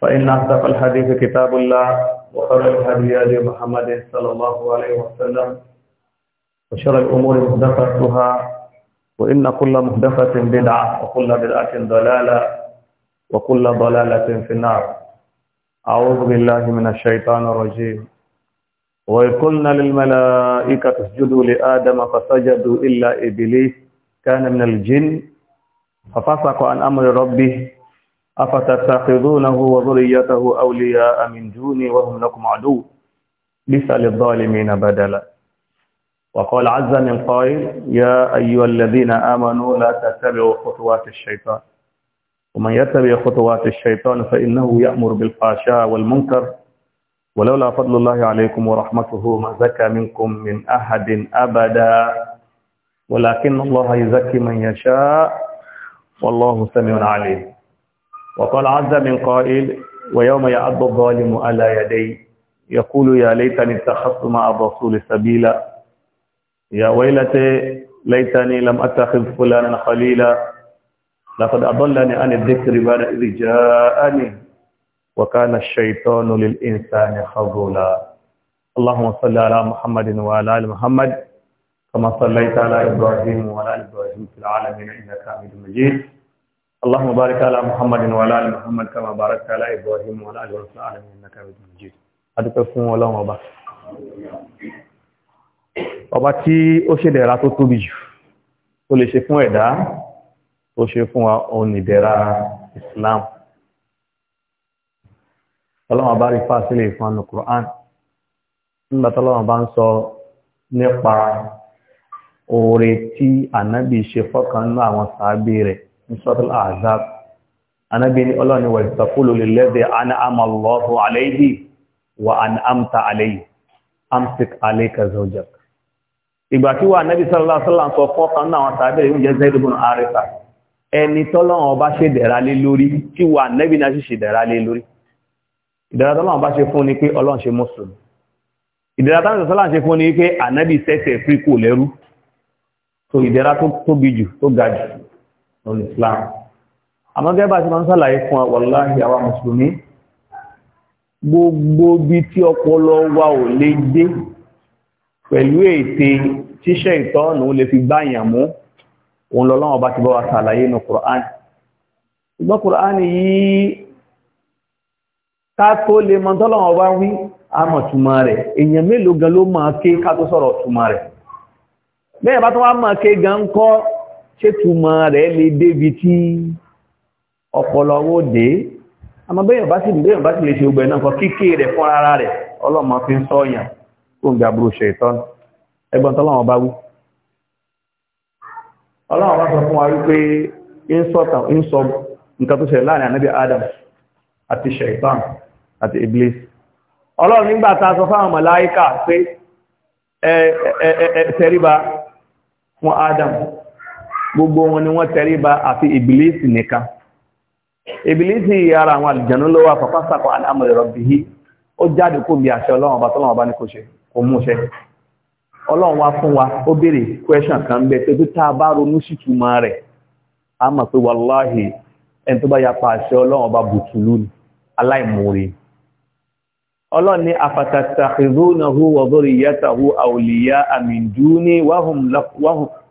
فإن أصدق الحديث كتاب الله وخير الهدي هدي محمد صلى الله عليه وسلم وشر الأمور محدثاتها وإن كل محدثة بدعة وكل بدعة ضلالة وكل ضلالة في النار أعوذ بالله من الشيطان الرجيم وقلنا للملائكة اسجدوا لآدم فسجدوا إلا إبليس كان من الجن ففسق عن أمر ربه أفتتخذونه وذريته أولياء من دوني وهم لكم عدو بئس للظالمين بدلا وقال عز من قائل يا أيها الذين آمنوا لا تتبعوا خطوات الشيطان ومن يتبع خطوات الشيطان فإنه يأمر بالفحشاء والمنكر ولولا فضل الله عليكم ورحمته ما زكى منكم من أحد أبدا ولكن الله يزكي من يشاء والله سميع عليم وقال عز من قائل ويوم يعض الظالم على يدي يقول يا ليتني اتخذت مع الرسول سبيلا يا ويلتي ليتني لم اتخذ فلانا خليلا لقد اضلني عن الذكر بعد اذ جاءني وكان الشيطان للانسان خذولا اللهم صل على محمد وعلى ال محمد كما صليت على ابراهيم وعلى ال ابراهيم في العالمين انك حميد مجيد اللهم بارك على محمد وعلى ال محمد كما باركت على ابراهيم وعلى ال العالمين انك حميد مجيد adúpẹ́ fún ọlọ́run ọba ọba tí ó ṣe dẹ̀ra tó tóbi jù tó lè ṣe fún ẹ̀dá tó ṣe fún wa òun ìdẹ̀ra Islam ọlọ́run ọba rí fásílẹ̀ ìfún ànà Quran nígbà tọ́lọ́run bá ń sọ nípa oore tí ànábì ṣe fọ́kàn náà àwọn sàábé rẹ̀ ní suratul Ahzab anábí ní ọlọ́ni wà ìtàkùlù lilladhi an'ama Allahu alayhi wa an'amta alayhi amsik alayka zawjak ìgbà tí wà anábí sallallahu alaihi wasallam sọ fọ́kan náà wọn tàbí ìrìn jẹ́ Zaid ibn Haritha ẹni tọ́lọ́wọ́n bá ṣe dẹ̀ra lé lórí tí wà anábí náà ṣe dẹ̀ra lé lórí ìdẹ̀ra tọ́lọ́wọ́n bá ṣe fún ni pé ọlọ́run ṣe mùsùlùmí ìdẹ̀ra tọ́lọ́wọ́n sọ́lá ṣe fún ni pé anábí lórí Islam àmọ́ gẹ́gẹ́ bá ti máa ń sàlàyé fún wa wàláhì àwa mùsùlùmí gbogbo bí tí ọpọlọ wa ò lè dé pẹ̀lú ète tíṣẹ́ ìtọ́nù lè fi gbáyàn mú òun lọ́lọ́wọ́ bá ti bá wa sàlàyé ní Kùrán ṣùgbọ́n Kùrán yìí ká tó lè mọ tọ́lọ́wọ́ bá wí àmọ̀ túmọ̀ rẹ̀ èèyàn mélòó gan ló máa ké ká tó sọ̀rọ̀ túmọ̀ rẹ̀ bẹ́ẹ̀ bá tó wá máa ké gan kọ́ ṣètùmọ̀ rẹ̀ lè débi tí ọpọlọ owó dé àmọ́ bẹ́yàn bá sì bẹ́yàn bá sì lè ṣe ogbẹ̀ náà kan kíké rẹ̀ fún ara rẹ̀ ọlọ́mọ fi ń sọ́yàn tó ń gbà búrò ṣe ìtọ́n ẹgbọ́n tọ́lọ́wọ́n bá wú ọlọ́wọ́n Adam àti ṣẹ̀tàn àti Iblis ọlọ́run nígbà ta sọ fáwọn màláíkà pé ẹ ẹ ẹ tẹríba fún Adam gbogbo wọn ni wọ́n tẹríba àfi ìbìlísì nìkan ìbìlísì ara àwọn àlìjànú ló wà fọ́pásàkọ̀ aláàmọ̀lẹ̀rọ̀ bí i ó jáde kó bí àṣẹ ọlọ́run ọba tọ́lọ́run ọba ní kò ṣe kò mú ṣe ọlọ́run wá fún wa ó béèrè kwẹ́ṣàn kan bẹ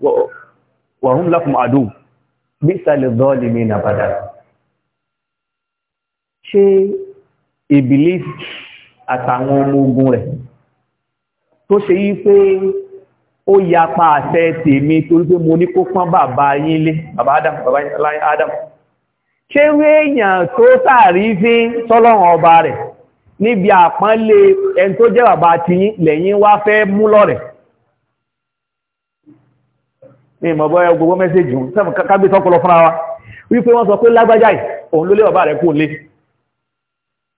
ní wa hum lakum adu bisa lil zalimin abada ṣé ibilis àtàwọn ọmọ ogun rẹ̀ tó ṣe yí pé ó yapa àṣẹ tèmi torí pé mo ní kó pọ́n bàbá yín bàbá adam bàbá adam ṣé èèyàn tó sàárí fi sọ́lọ́run ọba rẹ̀ níbi àpọ́nlé ẹni tó jẹ́ bàbá tiyín lẹ́yìn wá fẹ́ mú lọ́rẹ̀ẹ́ ní ìmọ̀ bọ́yá gbogbo mẹ́sẹ̀jì sẹ́fù kágbé tọ́pọlọ fúnra wa wípé wọ́n sọ pé lágbájá yìí òun ló lé bàbá rẹ̀ kúrò lé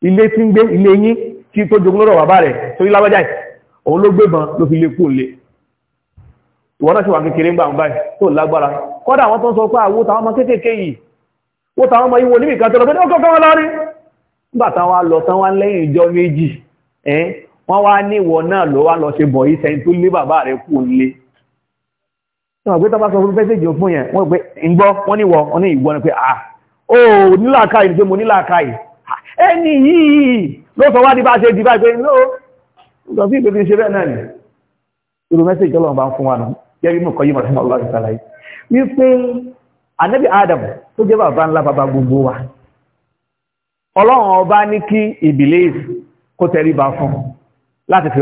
ilé tí ń gbé ilé yín kí tó jogún lọ́rọ̀ bàbá rẹ̀ torí lágbájá yìí òun ló gbé ban ló fi lé kúrò lé ìwọ́n náà sì wà kékeré ń gbà ń báyìí tó lágbára kọ́dà àwọn tó ń sọ pé àwo táwọn ọmọ kéékèèké yìí wo táwọn ọmọ ìwò níbi ìkàtọ̀ lọ́pẹ́ ọkọ̀ kan lárí nígbà táwọn lọ tán wá lẹ́yìn ìjọ méjì wọ́n wá ní ìwọ náà lọ wá lọ ṣe bọ̀ yìí sẹ́yìn tó wọ́n pé tọ́bá sọ fún pẹ́sẹ̀jì òfin yẹn wọ́n pé ìgbọ́ wọ́n níwọ̀ wọ́n ní ìgbọ́ ni pé à ó nílàákàì ní pé mo nílàákàì ẹni yìí ló sọ wá di bá ṣe di bá ṣe ló sọ sí ìpèsè ṣe bẹ́ẹ̀ náà ni irú mẹ́sẹ̀jì ọlọ́run bá ń fún wa nù jẹ́rí mú kọ́ yí mọ̀ sọ́mọ́ ọlọ́run sàlàyé wípé ànábì Adam tó jẹ́ bàbá ńlá bàbá gbogbo wa ọlọ́run ọba ní kí ìbílẹ̀ kó tẹríba fún láti fi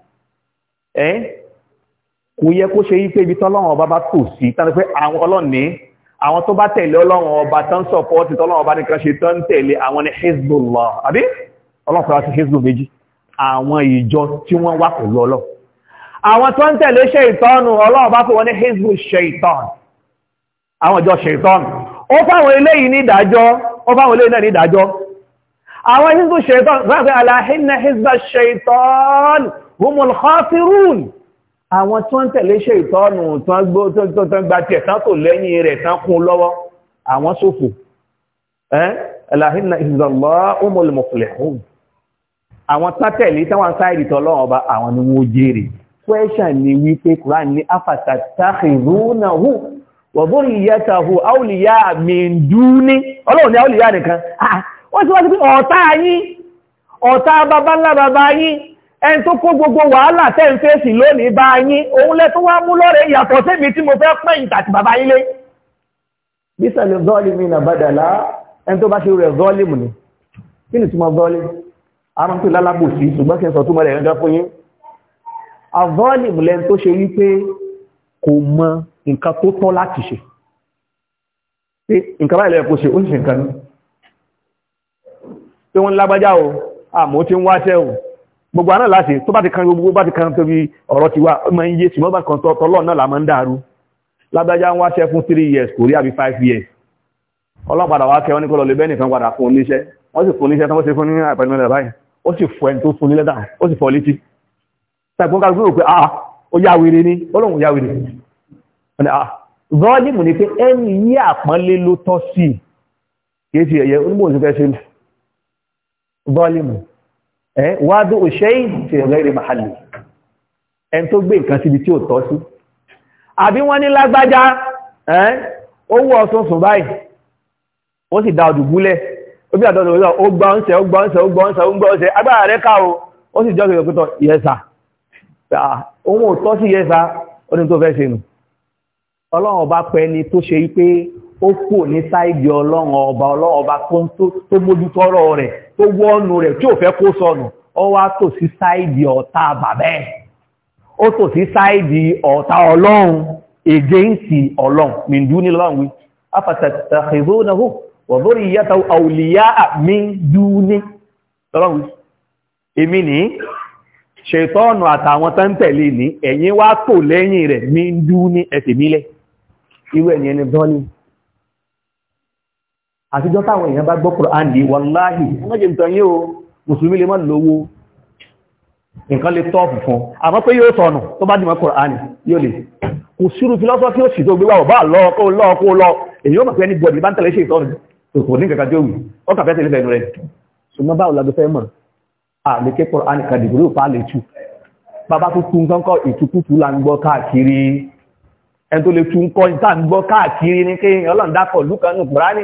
ẹ́ kò yẹ kó ṣe wípé ibi tọ́lọ́run ọba bá tò sí tàbí pé àwọn ọlọ́ni àwọn tó bá tẹ̀lé ọlọ́run ọba tán sọ̀pọ́ọ̀tì tọ́lọ́run ọba nìkan ṣe tán tẹ̀lé àwọn ni Hezbollah àbí ọlọ́pàá ti Hezbollah méjì àwọn ìjọ tí wọ́n wà pẹ̀lú ọlọ́run àwọn tó ń tẹ̀lé ṣèìtọ́nù ọlọ́run bá pè wọ́n ní Hezbollah àwọn ìjọ ṣèìtọ́nù ó fáwọn eléyìí ní humul khasirun àwọn tí wọ́n tẹ̀lé ṣe ìtọ́nù tó ń gba tiẹ̀ tán tó lẹ́yìn rẹ̀ tán kún lọ́wọ́ àwọn ṣòfò ẹ̀láhìnà ìzọ̀lọ́ humul muflihun àwọn tán tẹ̀lé táwọn sáìdì tọ́lọ́wọ́ bá àwọn ni wọ́n jèrè kwẹ́ṣàn ni wípé Quran ní afàtàtàkìrúnàhù wọ̀bọ̀nyíyàtàhù áwùlìyà mìndúní ọlọ́run ni áwùlìyà nìkan ah, wọ́n ti wá sí pé ọ̀tá yín ọ̀tá babalábàbá ẹn tó kó gbogbo wàhálà tẹ́ ń fèsì lónìí bá yín òun lẹ́ tó wá mú lọ́rẹ̀ ìyàtọ̀ sẹ́mi tí mo fẹ́ pẹ́yìn tàti bàbá yín lé. bísà lè zọ́ọ̀lìmù ní àbádàlá ẹn tó bá ṣe rẹ̀ zọ́ọ̀lìmù ni kí ni túmọ̀ zọ́ọ̀lìmù àwọn tó lálábò sí ṣùgbọ́n kí n sọ túmọ̀ rẹ̀ gẹ́gẹ́ fún yín. àzọ́ọ̀lìmù lẹ́n tó ṣe wípé kò mọ nǹkan tó tọ́ láti ṣe nǹkan báyìí lẹ́yìn gbogbo àná láti tó bá ti kan gbogbo bá ti kan tóbi ọ̀rọ̀ ti wá ọmọ iye tí wọ́n bá kan tọ́lọ́ náà là ń dàrú lágbájá ń wáṣẹ́ fún years kò rí àbí 5 years ọlọ́padà wá kẹ́ wọn ní kó lọ lè padà fún oníṣẹ́ wọ́n sì fún oníṣẹ́ fún ní àpẹẹrẹ báyìí ó sì wádó òṣèyí fi rẹ̀rẹ̀ mahalli ẹn tó gbé nǹkan síbi tí ó tọ́ sí àbí wọ́n ní lágbájá ó wọ́ báyìí ó sì dá ọdùgúlẹ̀ ó bí àdọ́dọ̀ ó kú ní sáìdì ọlọ́run ọba ọlọ́run ọba tó mójútọ́rọ̀ rẹ̀ tó wọ́ọ̀nù rẹ̀ tí ò fẹ́ kó sọnù ó wá tò sí sáìdì ọ̀tá bàbẹ́ ó tò sí sáìdì ọ̀tá ọlọ́run ègéǹsì ọlọ́run mìndú ní lọ́run wí afàtàkìzónahu wọ̀dórí ìyáta àwùlíyá ni ní lọ́run wí èmi ní ṣètọ́ọ̀nù àtàwọn tán tẹ̀lé àtijọ́ táwọn èèyàn bá gbọ́ Kùránì ní wàláhì mọ́jẹ̀ ń tọ́yí o mùsùlùmí lè mọ́ lówó nǹkan lè tọ́ọ̀fù fún àmọ́ pé yóò tọ̀nù tó bá dìmọ́ Kùránì yóò lè kò sírù fílọ́sọ́fí ó sì tó gbé wàwọ̀ bá lọ́ọ̀kọ́ lọ́ọ̀kọ́ lọ èyí ó mọ̀ pé ẹni bọ̀dì bá ń tẹ̀lé ṣe ìtọ́nù kò ní kankan jóòwì ó kà fẹ́ lè ké tu bàbá tó tu nǹkan kọ́ ìtukùtù la ń gbọ́ káàkiri ẹni tó lè tu nǹkan ìta ń gbọ́ káàkiri ní kéèyàn ọlọ́ndàkọ̀ lùkànnù Kùránì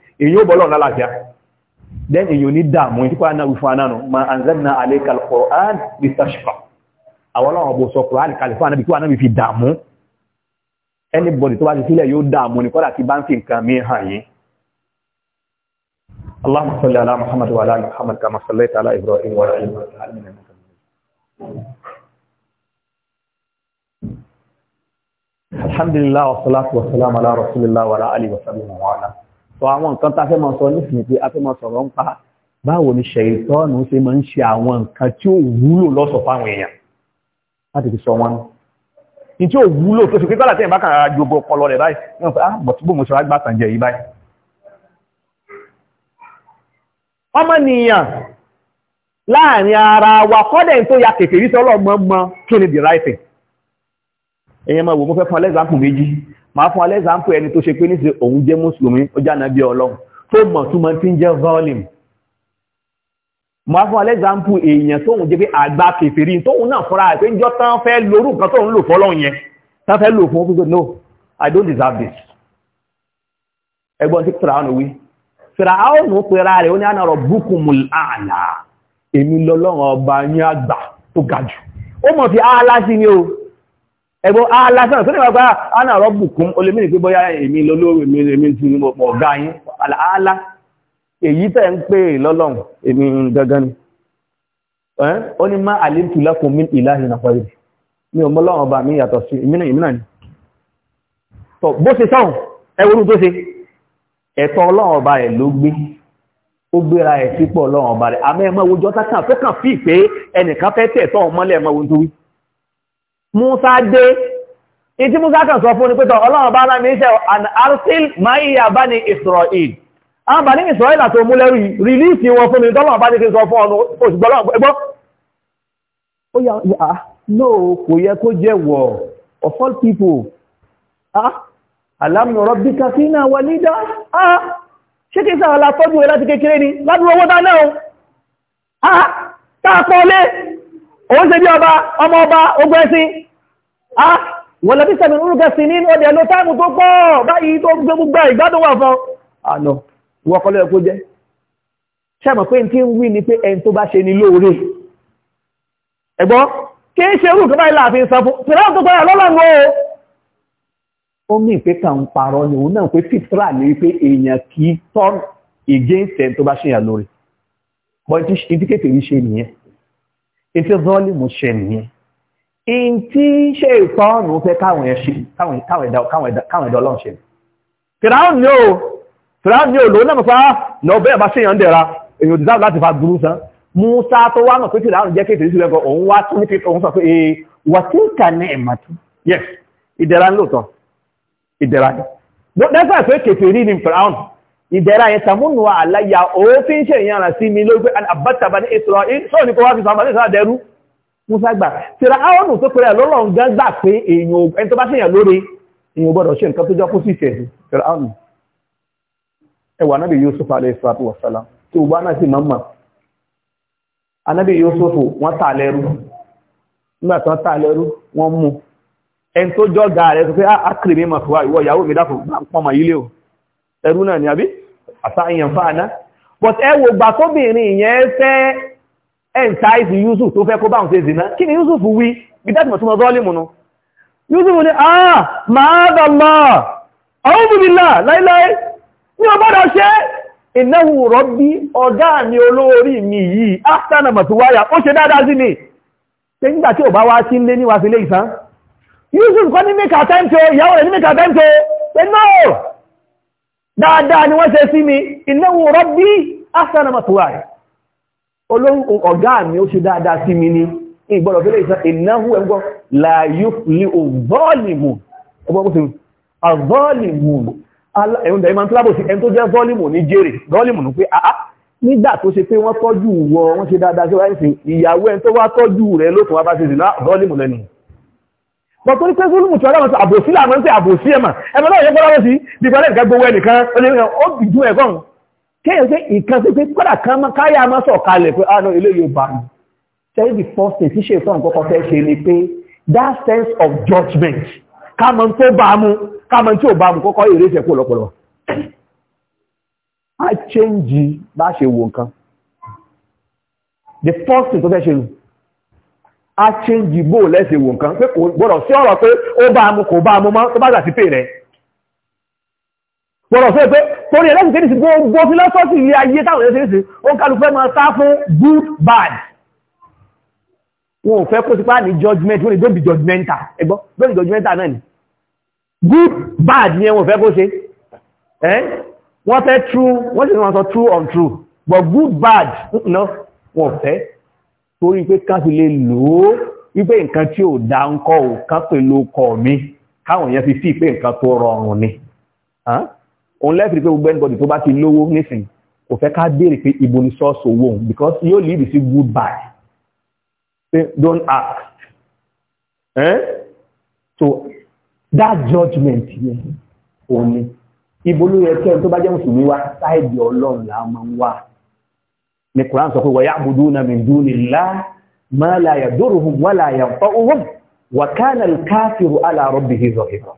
èyí ó bọ́lọ̀ lálàáfíà then èyí ò ní dààmú ìtíkọ́ àná wífún anánu ma anzalna alayka al-Qur'an litashqa àwọn ọlọ́run ọ̀bọ̀ sọ Qur'an kàlífà náà bí kí wọ́n náà fi dààmú anybody tó bá ti sílẹ̀ yóò dààmú ní kọ́dà tí bá ń fi nǹkan mi hàn الحمد لله والصلاه والسلام على رسول الله وعلى اله وصحبه وسلم sọ àwọn nǹkan tá a fẹ́ máa sọ nísìnyí pé a fẹ́ máa sọ̀rọ̀ ń pa báwo ni ṣèyítọ́ọ̀nù ṣe máa ń ṣe àwọn nǹkan tí ó wúlò lọ́sọ̀ fáwọn èèyàn láti fi sọ wọn ní tí ó wúlò tó fi pé gbọ́dọ̀ tẹ̀yìn bá kàn án jogo ọpọlọ rẹ̀ báyìí wọ́n fẹ́ ah bọ̀túbọ̀ mo ṣe wá gbà tàn jẹ yìí báyìí ọmọnìyàn láàrin ara wa kọ́dẹ̀ tó ya kèfèrí sọ́lọ́gbọ́n mọ́ kí ni the right thing èyàn máa wò mo fẹ́ fún ẹlẹ́gbàmù méjì máa fún alẹ́ ìsàmpù ẹni tó ṣe pé níṣe òun jẹ́ mùsùlùmí ó jẹ́ ànábí ọlọ́run tó mọ̀ túmọ̀ tí ń jẹ́ volume máa fún alẹ́ ìsàmpù èèyàn tóun jẹ́ pé àgbà kèfèrí tóun náà fọ́ra pé jọ tán fẹ́ lórú nǹkan tóun lò fọ́lọ́run yẹn tán fẹ́ lò fún gbogbo no i don't deserve this ẹgbọ́n tí fìràánù wí fìràánù pera rẹ̀ ó ní àná rọ̀ búkùmùl àlà èmi lọ́lọ́run ọba yín àgbà tó ga jù ó mọ̀ fi áálá sí ni o ẹgbọ́ alásán ah, tó níwàgbá ah, ánà rọ́bù kún olèmínì pé bóyá èmi lọ́lọ́rọ̀ èmi tí ní ọgá ọ̀gá Ala alá èyí tẹ́ ń pè lọ́lọ́run èmi gangan ni ọ ni má àlèkù lakum min ilahin mi ò ọba mi yàtọ̀ sí ìmínà ìmínà ni bó ṣe sọ́hùn ẹwọ́rú tó ṣe ẹ̀tọ́ rẹ̀ ló gbé Musa dé ìtí Musa kan sọ fún ní pẹ́tọ̀ ọlọ́run bá láàrin iṣẹ́ an arsil maiya bá ní Israel àwọn bá ní Israel àti omúlẹ́rù rìlíìsì wọn fún mi tọ́lọ́run bá ní kí sọ fún ọ̀nà òṣùgbọ́n ẹgbọ́ ó yà á ah, no kò yẹ kó jẹ́ wọ̀ of all people ah alam nurabbika fina walida ah ṣé kí sáà la tọ́jú ẹ láti kékeré ni ládùúgbò ah tá a òun ṣe bí ọba ọmọ ọba ogun ẹ̀sìn a wọ́n lọ bí sẹ́mi orúkẹ sí ní ọdẹ ló táàmù tó pọ̀ báyìí tó gbogbo ìgbádùn wà fún àná ìwọ́kọ́lọ́ ẹ̀kọ́ jẹ́ ṣẹ́mọ̀ pé tí ń wí ni pé ẹni tó bá ṣe ni lóore ẹ̀gbọ́n kí ń ṣe orú ni òun in tí zọ́ọ̀lì mú ṣe nìyẹn in tí ṣe ìtọ́ọ̀nù fẹ́ káwọn ẹ̀dá ọlọ́run ṣe fìràún ni ó fìràún ni ó lòó náà mọ̀ fáá ah, lọ bẹ́ẹ̀ bá ṣèyàn dẹ̀ra èyí òdìdá láti fa gúrú san musa tó wá mọ̀ pé fìràún jẹ́ kéèkéé sílẹ̀ kan òun wá tún ní kéèkéé òun sọ pé ee wà tí ń kà ní ẹ̀mà tún yes ìdẹ̀ra ń lòótọ́ ìdẹ̀ra ni dẹ́sẹ̀ pé kéèkéé rí ni fìràún ìdẹ̀ra yẹn tàmúnù àláyà òfin ṣe ìyànà sí mi ló gbé àbátàbà ní Israel sọ́ọ̀ ní kó wá fi sàmà ní sàdẹ̀rú musa gbà tíra áwọnù tó pẹ̀lẹ̀ lọ́lọ́run gan gbà pé èèyàn ẹni tó bá ṣèyàn lóore èèyàn gbọ́dọ̀ ṣe nǹkan tó jọ fún síṣẹ̀ tíra áwọnù ẹwà anábì Yusuf alayhi salatu wa salam tí gbogbo aná sì máa ń mà anábì Yusuf wọ́n tà lẹ́rú tó fẹ́ àkìrì ah, mi fún wa ìwọ ìyàwó mi dákùn pọ́nmà yílé o ẹrú náà ni àbí àtàyàn fáàná but ẹ wò gbà tóbìnrin ìyẹn fẹ́ ẹ̀ntáìsì Yusuf tó fẹ́ kó bá ń fèsì náà kí ni Yusuf wí bí dátìmọ̀ túnmọ̀ zọ́ọ̀lìmù nù Yusuf ní àà màádàmà ọ̀húnbùbìlà láíláí ní ọgbọ́dọ̀ ṣe ìnáhù rọ́bí ọ̀gá mi olóorí mi yìí áfẹ́nà mọ̀tíwáyà ó ṣe dáadáa sí ni ṣe nígbà tí ò bá wá sí ilé níwá sí ilé ìsán Yusuf kọ́ ní mẹ́kà time to ìyàwó rẹ̀ ní mẹ́kà time to pé náà dáadáa ni wọ́n ṣe sí mi innahu rabbi ahsana matwaya olóhùn ọ̀gá mi ó ṣe dáadáa sí mi ní ìgbọ́dọ̀ fẹ́lẹ̀ ìsá innahu ẹgbọ́ la yuflihu az-zalimun ẹgbọ́ bó ti az-zalimun ẹ̀hùn dẹ̀ẹ́mà tó lábò sí ẹni tó jẹ́ zalimun ní jèrè zalimun pé àá nígbà tó bọ̀tọ́ ní pẹ́sùn mùtù aláwọ̀sí àbòsí làmọ́ sí àbòsí ẹ̀mà ẹ̀mà náà yẹ́ fọ́láwọ́ sí dìgbàlẹ̀ nǹkan gbogbo ẹnìkan olóòrùn ó bìjú ẹ̀gọ́n kéyàn pé ìkan sí pé kọ́dà kan máa káyà máa sọ̀ kalẹ̀ pé àná ilé yóò bá mi tẹ́lẹ̀ the first thing ṣíṣe ìtọ́ nǹkan kan fẹ́ ṣe ni pé that sense of judgment kámọ́ tó bá mu kámọ́ tí ò bá mu kọ́kọ́ èrè ṣe kó lọ́pọ̀lọ́ a change bá ṣe wo nǹkan the first thing tó fẹ́ ṣe a change bó lẹ́sẹ̀ wò nǹkan pé kò gbọ́dọ̀ sí ọ̀rọ̀ pé ó bá mú kò bá mú mọ́ tó bá gbà sí pè rẹ̀ gbọ́dọ̀ sí pé torí ẹlẹ́sìn kéde sí gbogbo fílọ́sọ́sì ilé ayé táwọn ẹlẹ́sìn sí ó ń kálukú máa sá fún good bad wọn ò fẹ́ kó sí páàní judgment wọ́n ni don't be judgmental ẹgbọ́ don't be judgmental náà ni good bad ni ẹwọ̀n fẹ́ kó ṣe ẹ́ wọ́n fẹ́ true wọ́n sì wọ́n sọ true true. but good bad no wọ́n fẹ́ torí pé ká fi lè lò ó wípé nǹkan tí ò dá ń kọ́ ò kán pẹ̀lú ọkọ̀ mi káwọn èèyàn fi sí pé nǹkan tó rọrùn ni òun lẹ́fìrí pé gbogbo ẹnìbọ̀dì tó bá ti lówó nísìn kò fẹ́ ká béèrè pé ibo ni source owó òun because yóò lead sí goodbye pé don't ask eh? so that judgment yẹn òun ni ibo ló yẹ kí ẹni tó bá jẹ́ mùsùlùmí wá sáìdì ọlọ́run làá máa ń wá ni Quran sọ pé wa ya'buduna min dunillah ma la yadurruhum wa la yanfa'uhum wa kana al-kafiru ala rabbihi zahira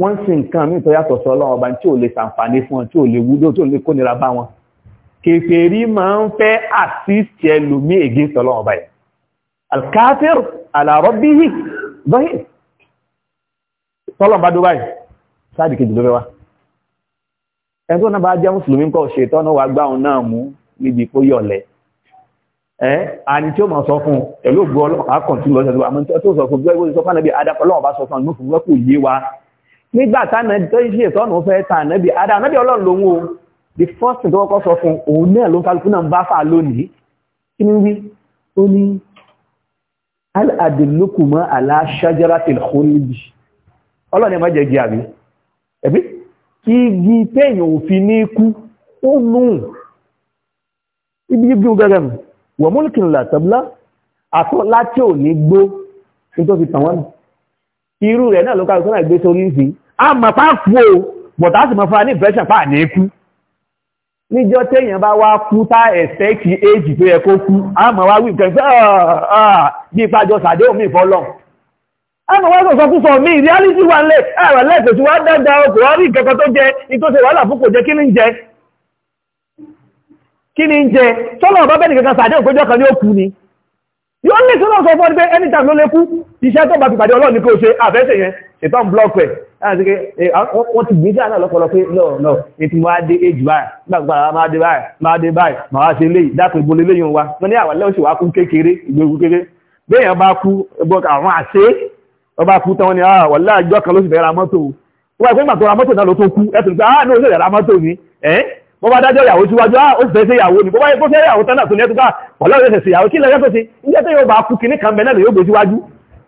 wọ́n sì nǹkan mí tó yàtọ̀ sọ ọlọ́run ọba tí ò lè sàǹfààní fún wọn tí ò lè wúlò tó lè kó nira bá wọn kèfèrí máa ń fẹ́ assist ẹlòmí against ọlọ́run ọba bá dó báyìí sáàdì kejì ló fẹ́ wá ẹni tó náà bá jẹ́ mùsùlùmí kọ́ ṣètọ́ náà wà gbáhùn náà mú níbi kó yọ̀lẹ̀ ẹ́ àni tí ó máa sọ fún pẹ̀lú ògbó ọlọ́pàá kan tí lọ́sẹ̀ tó àmọ́ tó sọ fún gbẹ́gbẹ́ sọ fánàbí adapọ̀lọ́wọ́ bá sọ fún ọdún fún wẹ́kù yé wa nígbà tánà tó ṣe ìtọ́nù fẹ́ tánà bí adá náà bí ọlọ́run lòun o the first thing tó kọ́kọ́ sọ fún òun náà ló ń kálukú náà ń bá ọlọ́ni ẹmọ́ jẹ́ jẹ́ àbí ẹ̀bí kí igi téèyàn òfin ní ikú ó nùn ibi gígùn gẹ́gẹ́ mi wọ̀ múlùkì ńlá tọ́bílá àtọ́ láti ò ní gbó ní tó fi tàn wọ́n irú rẹ̀ náà ló ká ìkọ́nà ìgbé sórí ìsì a mọ̀ pa kú o bọ̀tá sì mọ̀ fún wa ní ìfẹ́sàn pa ní kú níjọ́ téèyàn bá wá kú tá ẹ̀sẹ̀ kí éjì tó yẹ kó kú a mọ̀ wá wí nǹkan fẹ́ ah, ah, bí ìpàjọ sàdéhùn mi fọ́lọ́n ẹmọ wọ́n sọ fún sọ mí reality wà lẹ́ ẹ̀rọ lẹ́sẹ̀ tí wọ́n dáadáa ọkùnrin rí ìkẹ́kọ̀ọ́ tó jẹ ìtòsẹ̀ wàhálà fún kò jẹ́ kí ní jẹ kí ni ń jẹ tọ́lọ̀ bá bẹ́ẹ̀ nìkan sàdé òkójọ́ kan ní ó kú ni yóò ní tọ́lọ̀ sọ fọ́n pé anytime ló lé kú iṣẹ́ tó bá fi pàdé ọlọ́run ní kó ṣe àfẹ́sẹ̀ yẹn ìtàn block ẹ̀ wọ́n ti gbé dáadáa lọ́pọ̀lọ́ pé lọ́ọ̀lọ́ ètò máa dé èjì báyìí gbàgbà máa dé báyìí máa dé báyìí máa ṣe wa wọ́n ní àwọn lẹ́wọ̀n sì wá kú kékeré ìgbèrú kékeré ni àwọn ah, láàjọ kan ló sì fẹ́ ra mọ́tò wọ́n ẹgbẹ́ ìgbà tó ah ní oṣù rẹ̀ ra mọ́tò ni bọ́ bá dájọ́ ìyàwó síwájú á ah, ìyàwó ni bọ́ bá yẹ kó fẹ́ ìyàwó tánà tó lẹ́tùká ọlọ́run ẹ̀sẹ̀ sí ìyàwó kí lẹ́yẹ́ tó sí ilé tó yóò bá kú kìíní kan bẹ̀lẹ́ yóò gbé síwájú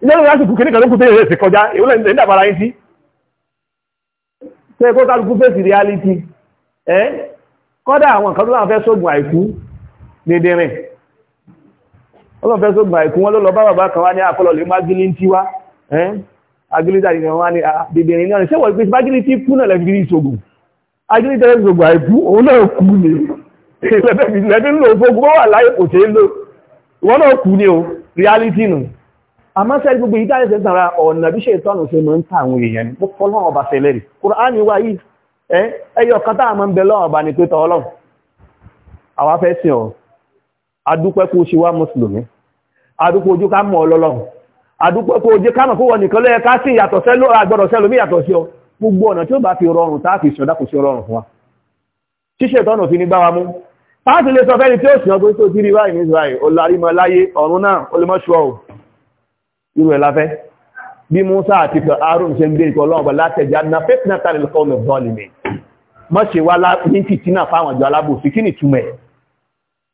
ilé tó yóò kú kìíní kan ló kú tó yẹ sí kọjá èwo lẹ́yìn dàbà ara yín sí. ṣé kó kálukú fèsì reality ẹ kọ́dà àwọn nǹkan tó náà fẹ́ sógun àìkú dédérin wọ́n fẹ́ sógun àìkú wọn ló lọ bá bàbá kan wá ní àkọlọ̀ lè má gílí ń tiwá agilita ni wọn wá ah, ajínigbẹ̀rẹ̀ gbogbo àìbú òun náà kú ni ìlẹ́bí ń lò fógun wà láyé kò tẹ́ wọ́n náà kú ni o reality nù gbogbo yìí dáyẹ̀ ọ̀nà bí ṣe tọ́nù ṣe mọ́ ń ta àwọn èèyàn ní ọba sẹlẹ̀rì kùránì wá yìí ẹyọ ń bẹ ọba ní pé ọlọ́run àwa fẹ́ sìn ọ́ adúpẹ́ kó ṣe wá mùsùlùmí adúpẹ́ ojú gbogbo ọ̀nà tí ó bá fi rọrùn tá fi ṣọ̀dá kò sí rọrùn fún wa ṣíṣe ìtọ́nà fi ní bá wa mú pàtí lè sọ fẹ́ni tí ó ṣìyàn pé tó tí rí báyìí israel olarimọ láyé ọ̀run náà ó lè na fẹ́tìnà tàbí lọ́kọ̀ọ́lọ̀ bọ́ọ̀lìmẹ̀ mọ́ṣe wá ní fìtínà fáwọn àjọ alábòsí kí ni túmẹ̀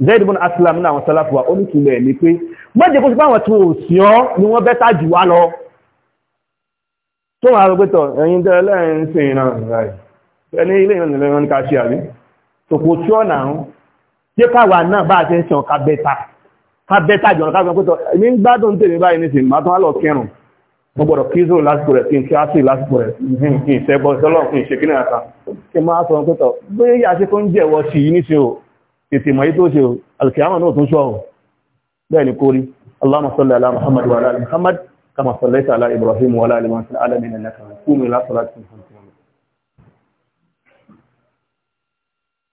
zaid bin aslam náà wọn sọlá wa ó ní túmẹ̀ ni pé mọ́jẹ́ kó sí fáwọn tó ò ni wọ́n bẹ́tà jù wá lọ tó máa rọgbé tọ̀ ẹ̀yìn tẹ́rẹ lẹ́rin sí ìrìnà rẹ̀ ẹni ilé ìrìnlẹ́rìn ká ṣe àrí tòkò tí ọ̀nà àrùn tí káwà náà bá ti ń sàn ká bẹ́ta ká bẹ́ta jọ̀nà ká gbọ́n pẹ́tọ̀ ní gbádùn tèmi báyìí nísìn máa tán lọ kírun mo gbọ́dọ̀ kí zoro lásìkò rẹ̀ kí n kí á sí lásìkò rẹ̀ kí n sẹ́bọ̀ sọ́lọ́ kí àta kí máa sọ pẹ́tọ̀ bí yà ṣe tó ń jẹ́ wọ sí ní ṣe o tètè mọ̀ yí tó ṣe o alkiyama náà tún ṣọ́ o كما صليت على إبراهيم ولا آل إبراهيم في العالمين إنك حميد مجيد قوموا إلى صلاتكم